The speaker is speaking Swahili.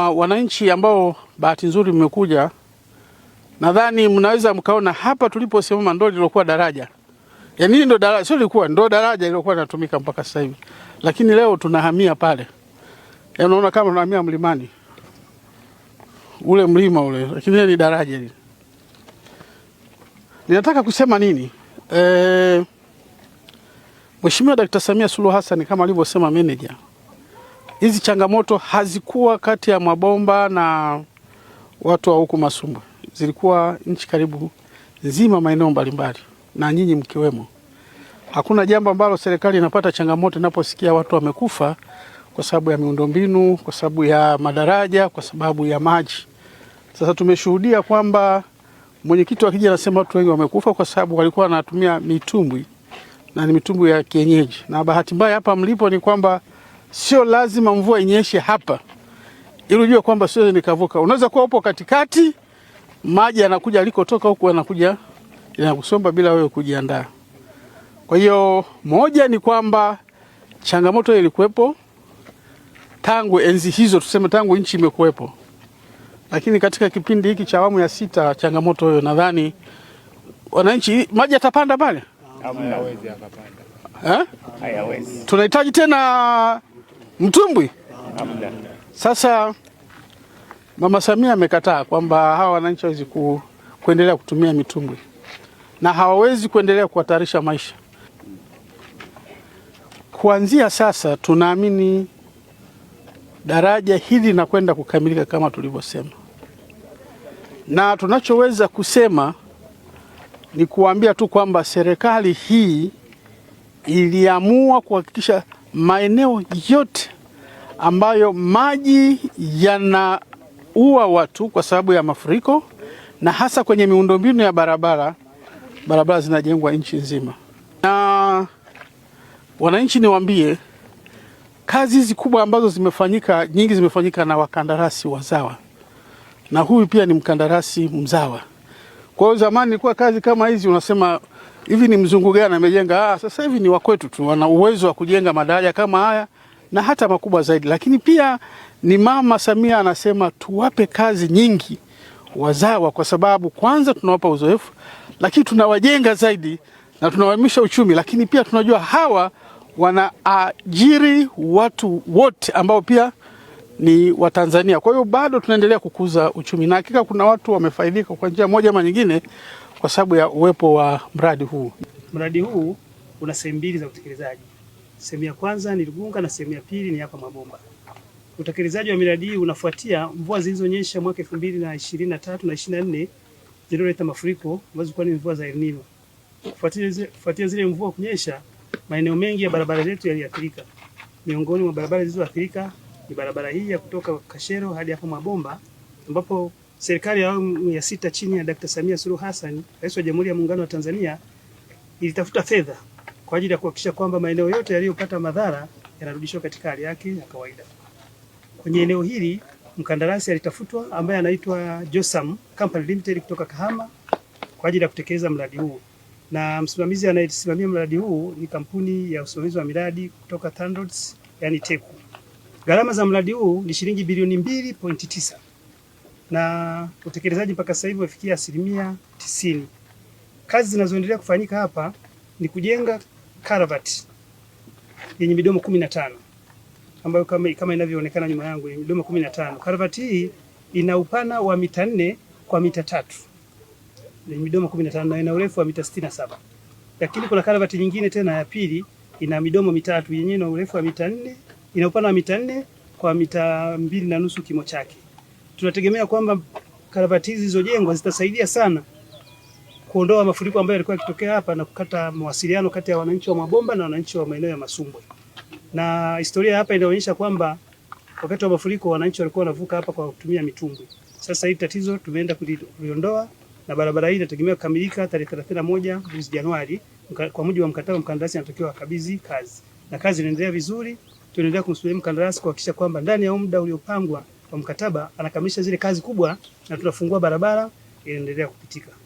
Ah, wananchi ambao bahati nzuri mmekuja, nadhani mnaweza mkaona hapa tuliposimama ndo lilokuwa daraja, yani, hili ndo daraja, sio lilikuwa, ndo daraja lilokuwa linatumika mpaka sasa hivi, lakini leo tunahamia pale. Unaona kama tunahamia mlimani ule mlima ule, lakini ni daraja hili. Ninataka kusema nini? E, Mheshimiwa Dkt. Samia Suluhu Hassan kama alivyosema manager hizi changamoto hazikuwa kati ya mabomba na watu wa huku Masumbwe, zilikuwa nchi karibu nzima, maeneo mbalimbali na nyinyi mkiwemo. Hakuna jambo ambalo serikali inapata changamoto inaposikia watu wamekufa kwa sababu ya miundombinu, kwa sababu ya madaraja, kwa sababu ya maji. Sasa tumeshuhudia kwamba mwenyekiti wa kijiji anasema watu wengi wamekufa kwa sababu walikuwa wanatumia mitumbwi na ni mitumbwi ya kienyeji, na bahati mbaya hapa mlipo ni kwamba sio lazima mvua inyeshe hapa ili ujue kwamba siwezi nikavuka. Unaweza kuwa upo katikati, maji yanakuja alikotoka huku, yanakuja yanakusomba bila wewe kujiandaa. Kwa hiyo moja ni kwamba changamoto hiyo ilikuwepo tangu enzi hizo, tuseme tangu nchi imekuwepo, lakini katika kipindi hiki cha awamu ya sita changamoto hiyo nadhani wananchi, maji yatapanda pale, eh? tunahitaji tena mtumbwi. Sasa Mama Samia amekataa kwamba hawa wananchi hawezi ku, kuendelea kutumia mitumbwi na hawawezi kuendelea kuhatarisha maisha. Kuanzia sasa tunaamini daraja hili linakwenda kukamilika kama tulivyosema, na tunachoweza kusema ni kuambia tu kwamba serikali hii iliamua kuhakikisha maeneo yote ambayo maji yanaua watu kwa sababu ya mafuriko na hasa kwenye miundombinu ya barabara. Barabara zinajengwa nchi nzima, na wananchi, niwaambie kazi hizi kubwa ambazo zimefanyika, nyingi zimefanyika na wakandarasi wazawa, na huyu pia ni mkandarasi mzawa. Kwa hiyo zamani ilikuwa kazi kama hizi unasema hivi ni mzungu gani amejenga? Ah, sasa hivi ni wakwetu tu, wana uwezo wa kujenga madaraja kama haya na hata makubwa zaidi. Lakini pia ni Mama Samia anasema tuwape kazi nyingi wazawa, kwa sababu kwanza tunawapa uzoefu, lakini tunawajenga zaidi na tunawaimisha uchumi, lakini pia tunajua hawa wanaajiri watu wote ambao pia ni Watanzania. Kwa hiyo bado tunaendelea kukuza uchumi, na hakika kuna watu wamefaidika kwa njia moja ama nyingine kwa sababu ya uwepo wa mradi huu. Mradi huu una sehemu mbili za utekelezaji. Sehemu ya kwanza ni Lugunga na sehemu ya pili ni hapa Mabomba. Utekelezaji wa miradi hii unafuatia mvua zilizonyesha mwaka 2023 na 24 zilizoleta mafuriko ambazo zilikuwa ni mvua za El Nino. Kufuatia zile mvua kunyesha, maeneo mengi ya barabara zetu yaliathirika. Miongoni mwa barabara zilizoathirika ni barabara hii ya kutoka Kashero hadi hapa Mabomba ambapo serikali ya awamu ya sita chini ya Dkt. Samia Suluhu Hassan, Rais wa Jamhuri ya Muungano wa Tanzania, ilitafuta fedha kwa ajili ya kuhakikisha kwamba maeneo yote yaliyopata madhara yanarudishwa katika hali yake ya kawaida. Kwenye eneo hili mkandarasi alitafutwa ambaye anaitwa Josam Company Limited kutoka Kahama kwa ajili ya kutekeleza mradi huu, na msimamizi anayesimamia mradi huu ni kampuni ya usimamizi wa miradi kutoka TANROADS, yani TECU. Gharama za mradi huu ni shilingi bilioni 2.9 na utekelezaji mpaka sasa hivi umefikia asilimia 90. Kazi zinazoendelea kufanyika hapa ni kujenga karavati yenye midomo kumi na tano ambayo kama, kama inavyoonekana nyuma yangu yenye midomo kumi na tano. Karavati hii ina upana wa mita nne kwa mita tatu yenye midomo kumi na tano na ina urefu wa mita sitini na saba lakini kuna karavati nyingine tena ya pili ina midomo mitatu yenye ina urefu wa mita nne ina upana wa mita nne kwa mita mbili na nusu kimo chake. Tunategemea kwamba karavati hizi zilizojengwa zitasaidia sana kuondoa mafuriko ambayo yalikuwa yakitokea hapa na kukata mawasiliano kati ya wananchi wa Mabomba na wananchi wa maeneo ya Masumbwe. Na historia hapa inaonyesha kwamba wakati wa mafuriko wananchi walikuwa wanavuka hapa kwa kutumia mitumbwi. Sasa hili tatizo tumeenda kuliondoa na barabara hii inategemea kukamilika tarehe 31 mwezi Januari kwa mujibu wa mkataba, mkandarasi anatakiwa akabidhi kazi na kazi inaendelea vizuri. Tunaendelea kumsubiri mkandarasi kuhakikisha kwamba ndani ya muda uliopangwa kwa mkataba anakamilisha zile kazi kubwa na tunafungua barabara inaendelea kupitika.